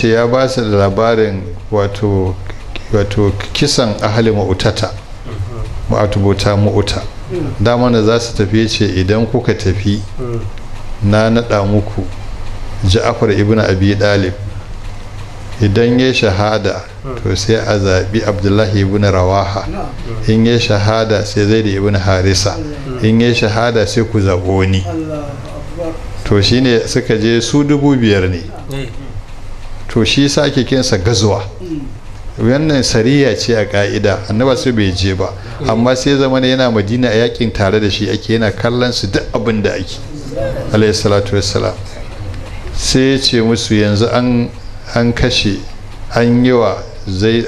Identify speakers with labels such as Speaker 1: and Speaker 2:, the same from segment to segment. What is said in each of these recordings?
Speaker 1: ce ya ba su da labarin wato kisan ahali ma'utata ma'atubota ma'uta dama da za su tafi ce idan kuka tafi na naɗa muku ja'afar ibn abi dalib idan ya shahada to sai a zaɓi abdullahi ibn rawaha in ya shahada sai zai da ibn harisa in ya shahada sai ku zaɓo ni to shine suka je su dubu biyar ne eh. to shi yasa ake sa gazuwa wannan sariya ce a ka'ida annaba su bai je ba amma sai zama yana madina a yakin tare da shi ake yana kallon su duk abin da ake alayhi salatu wassalam sai ya ce musu yanzu an kashe an yi wa zai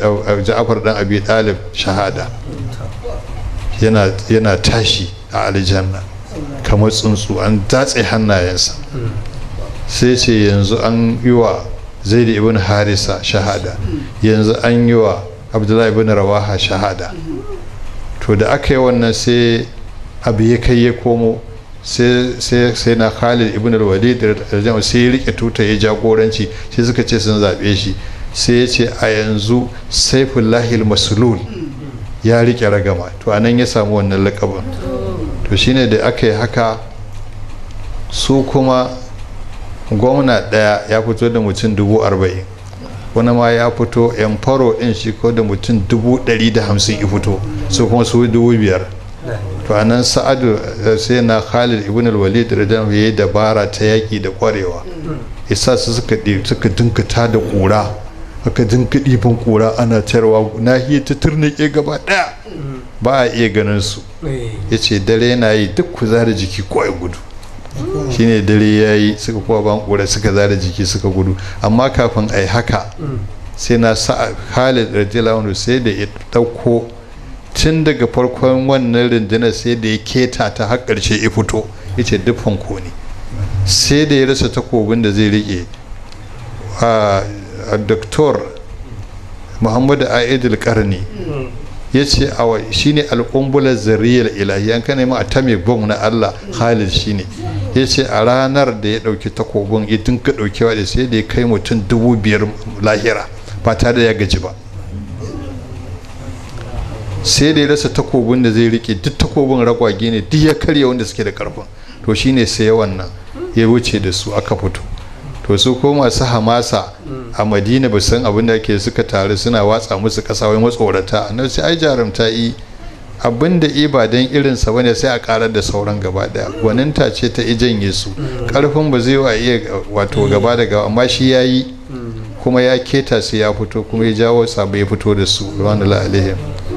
Speaker 1: ja'afar dan abi dalib shahada yana yana tashi a aljanna kamar tsuntsu an datse hannayensa sai ce yanzu an yi wa zai da ibn harisa shahada yanzu an yi wa abdullahi ibn rawaha shahada to da aka yi wannan sai abu ya kai ya komo sai na khalid ibn da walid sai ya rike tuta ya jagoranci sai suka ce sun zaɓe shi sai ya ce a yanzu saifullahi maslul ya rike ragama to a nan ya samu wannan lakabin to shine da aka yi haka su kuma gwamna ɗaya ya fito da mutum dubu arba'in wani ma ya fito yan faro ɗin shi ko da mutum dubu ɗari da hamsin ya fito su kuma su dubu biyar to a nan sa'adu eh, sai na khalid ibn al-walid radiyallahu ya yi dabara ta yaƙi da ƙwarewa isa su suka suka dinkata da ƙura aka dinka ɗiban ƙura ana tarwa hiya ta turnike gaba ɗaya ba a iya ganin su eh. ya ce dare yana yi duk kuzari jiki ko gudu shine dare yayi yi suka kowa ban kura suka zara jiki suka gudu amma kafin ayi haka sai na sa khalid radiyallahu sai da ya dauko tun daga farkon wannan rundunar sai da ya keta ta har karshe ya fito ya ce dukkan ko ne sai da ya rasa takobin da zai rike a doktor muhammadu aidil karni ya ce awa shine alƙumbular zariyar ilahi an kana ma atomic bom na allah khalid shine ya ce a ranar da ya ɗauki takobin ya dinka daukewa da sai da ya kai mutum dubu biyar lahira ba tare da ya gaji ba sai da ya rasa takobin da zai rike duk takobin ragwage ne duk ya karya wanda suke da karfin to shine sai wannan ya wuce da su aka fito to su ko masu hamasa a madina ba san abin da ke suka taru suna watsa musu kasawai matsorata annabi sai ai jarumta yi abin da ibadan don irinsa ba ne sai a karar da sauran gaba daya gwaninta ce ta ijanye yesu karfin ba zai wa iya wato gaba da gaba amma shi ya yi kuma ya keta su ya fito kuma ya jawo sabai ya fito da su ruwan da